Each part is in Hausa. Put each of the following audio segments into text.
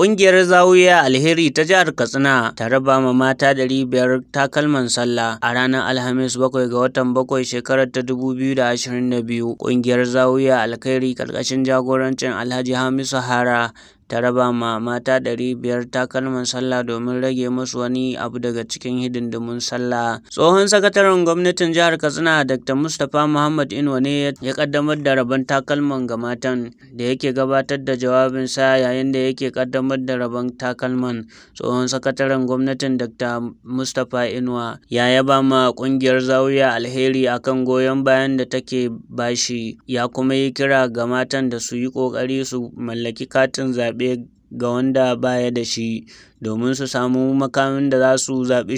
Ƙungiyar zawuya Alheri ta jihar Katsina ta raba ma mata ɗari biyar takalman sallah a ranar Alhamis bakwai ga watan bakwai shekarar ta dubu biyu da ashirin da biyu. Ƙungiyar zawuya Alheri ƙarƙashin jagorancin Alhaji Hamisu Hara ta raba ma mata ɗari biyar takalman sallah domin rage musu wani abu daga cikin hidindimun sallah. Tsohon sakataren gwamnatin jihar Katsina Dr. Mustapha Muhammad Inuwa ne ya kaddamar da rabon takalman ga matan da yake gabatar da jawabin sa yayin da yake kaddamar da rabon takalman. Tsohon sakataren gwamnatin Dr. Mustapha Inuwa ya yaba ma kungiyar zawiya alheri akan goyon bayan da take bashi ya kuma yi kira ga matan da su yi kokari su mallaki katin zaɓe zaɓe ga wanda baya da shi domin su samu makamin da za su zaɓi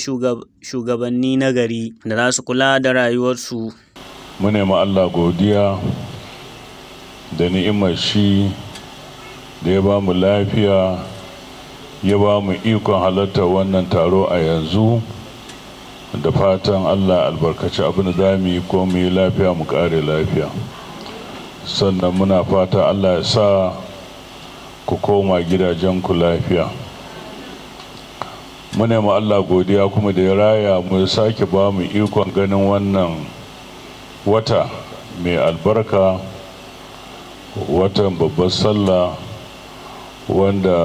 shugabanni na gari da za su kula da rayuwarsu. Mune ma Allah godiya da ni'imar shi da ya ba mu lafiya ya ba mu ikon halartar wannan taro a yanzu da fatan Allah albarkaci abin da mu yi ko mu yi lafiya mu ƙare lafiya sannan muna fata Allah ya sa ku koma gidajenku lafiya muna ma Allah godiya kuma da ya raya mu ya sake ba mu ikon ganin wannan wata mai albarka watan babbar sallah wanda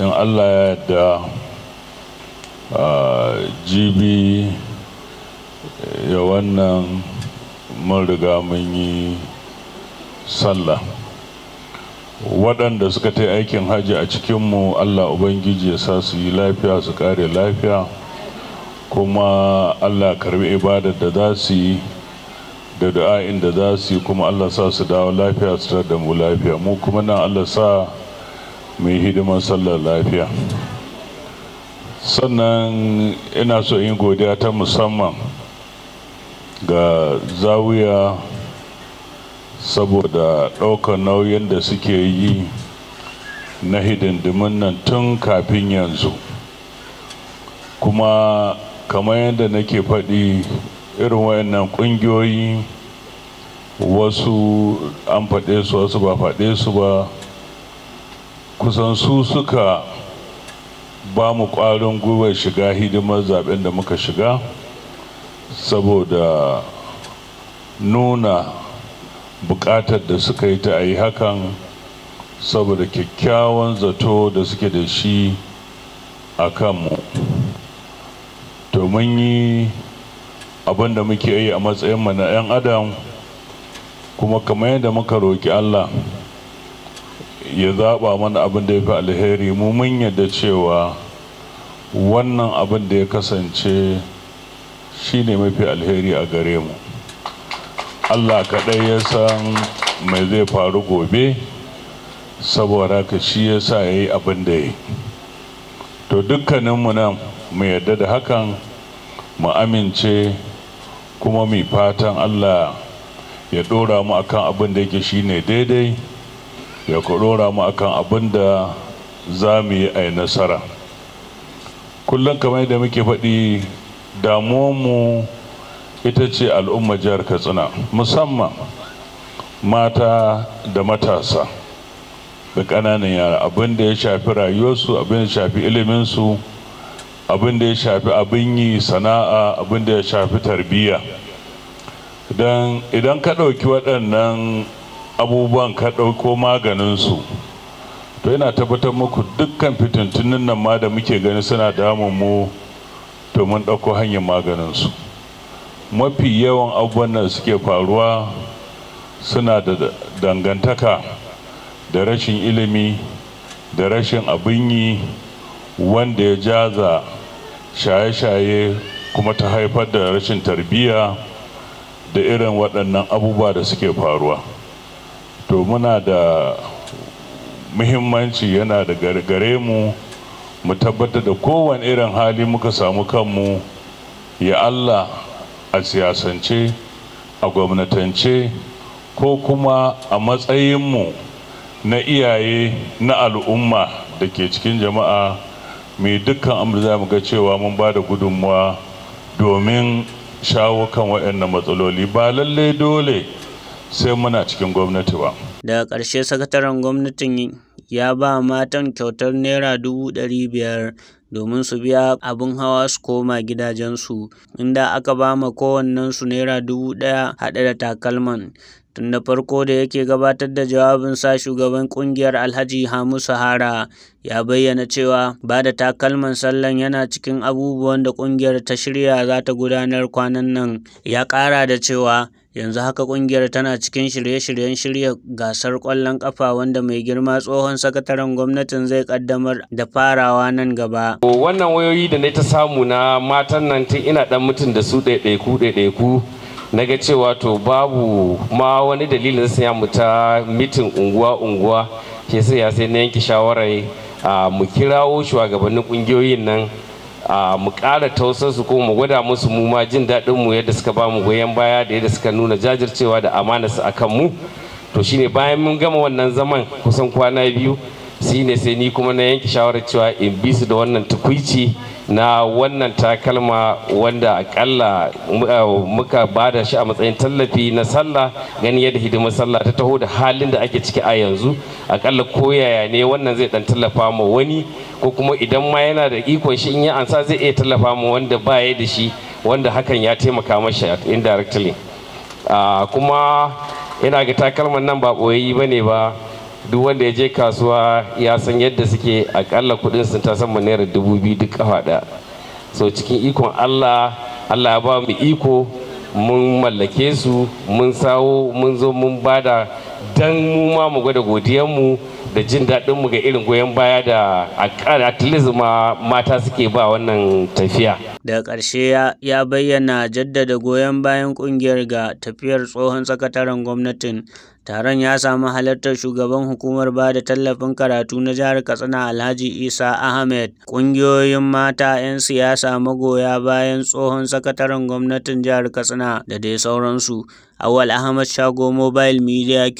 in Allah ya yarda jibi ya wannan mun riga mun yi sallah waɗanda suka ta aikin hajji a cikinmu allah ubangiji ya sa su yi lafiya su kare lafiya kuma allah karbi ibadar da za su yi da du'a inda za su yi kuma allah sa su dawo lafiya su tar da mu lafiya mu kuma nan allah sa mai yi hidimar sallar lafiya sannan ina so in godiya ta musamman ga zawuya. saboda ɗaukar nauyin da suke yi na hidindimin nan tun kafin yanzu kuma kamar yadda nake faɗi irin wayannan ƙungiyoyi wasu an faɗe su wasu ba faɗe su ba kusan su suka ba mu ƙwarin gwiwar shiga hidimar zaben da muka shiga saboda nuna buƙatar da suka yi ta a yi hakan saboda kyakkyawan zato da suke da shi a kanmu to mun yi abin da muke yi a matsayinmu na 'yan adam kuma kamar yadda muka roƙi allah ya zaɓa mana abin da ya fi alheri mu mun yadda cewa wannan abin da ya kasance shi ne mafi alheri a gare mu allah kaɗai ya san mai zai faru gobe saboda ka shi ya sa ya yi abin da ya to dukkaninmu nan mu yarda da hakan mu amince kuma mu fatan allah ya ɗora mu akan abin da yake ne daidai ya ku ɗora mu akan abin da za mu yi a nasara kullum kamar da muke faɗi damuwanmu ita ce al'umma jihar katsina musamman mata da matasa da ƙananan yara abin da ya shafi rayuwarsu abin da ya shafi iliminsu abin da ya shafi abin yi sana'a abin da ya shafi tarbiyya idan ka ɗauki waɗannan abubuwan ka ɗauko maganinsu to yana tabbatar muku dukkan fitintunin nan ma da muke gani suna damun mu to mun ɗauko hanyar maganinsu mafi yawan abubuwan da suke faruwa suna da dangantaka da rashin ilimi da rashin abin yi wanda ya jaza shaye-shaye kuma ta haifar da rashin tarbiyya da irin waɗannan abubuwa da suke faruwa to muna da muhimmanci yana da gare mu mu tabbatar da kowane irin hali muka samu kanmu ya allah a siyasance a gwamnatance ko kuma a matsayinmu na iyaye na al'umma da ke cikin jama'a mai dukkan amur za mu ga cewa mun ba da gudunmuwa domin shawo kan waɗannan matsaloli ba lallai dole sai muna cikin gwamnati ba. Daga ƙarshe sakataren gwamnatin ya ba matan kyautar Naira dubu ɗari biyar domin su biya abin hawa su koma gidajensu, inda aka ba ma kowannensu Naira dubu ɗaya haɗe da takalman. Tun da farko da yake gabatar da jawabin sa shugaban kungiyar Alhaji Hamisu Hara ya bayyana cewa ba da takalman sallan yana cikin abubuwan da kungiyar ta shirya za ta gudanar kwanan nan. Ya ƙara da cewa Yanzu haka ƙungiyar tana cikin shirye-shiryen shirya gasar ƙwallon kafa wanda mai girma tsohon sakataren gwamnatin zai ƙaddamar da farawa nan gaba. Wannan wayoyi da na ta samu na matan nan tun ina ɗan mutum da su ɗaiɗaiku ɗaiɗaiku na ga cewa to babu ma wani dalilin saya mu ta mitin unguwa-unguwa ke sai ya sai na yanke shawarar mu kirawo shugabannin ƙungiyoyin nan mu ƙara tausarsu kuma mu gwada musu mu ma jin daɗin mu yadda suka bamu mu goyon baya da yadda suka nuna jajircewa da amanarsu a kan mu to shine bayan mun gama wannan zaman kusan kwana biyu shine sai ni kuma na yanke shawarar cewa in bi su da wannan tukuici. na wannan takalma wanda akalla eh, muka ba da shi a matsayin tallafi na sallah gani yadda hidimar sallah ta taho da halin da ake ciki a yanzu akalla koyaya ne wannan zai dan tallafa ma wani ko kuma idan ma yana da ikon shi in ya ansa zai iya tallafa ma wanda ba ya da shi wanda hakan ya taimaka masa indirectly ah, kuma ina ga takalman nan ba ɓoyi ba ne ba duk wanda ya je kasuwa ya san yadda suke akalla kudin sun ta sama naira dubu biyu duk kafa ɗaya so cikin ikon allah allah ya ba mu iko mun mallake su mun sawo mun zo mun bada don mu ma mu gwada godiyanmu da jin daɗinmu ga irin goyon baya da atleast mata suke ba wannan tafiya. Da ƙarshe ya bayyana jaddada goyon bayan ƙungiyar ga tafiyar tsohon sakataren gwamnatin. Taron ya samu halartar shugaban hukumar ba da tallafin karatu na jihar Katsina Alhaji Isa Ahmed, ƙungiyoyin mata 'yan siyasa magoya bayan tsohon sakataren gwamnatin jihar Katsina da dai sauransu. Awal Ahmad Shago Mobile Media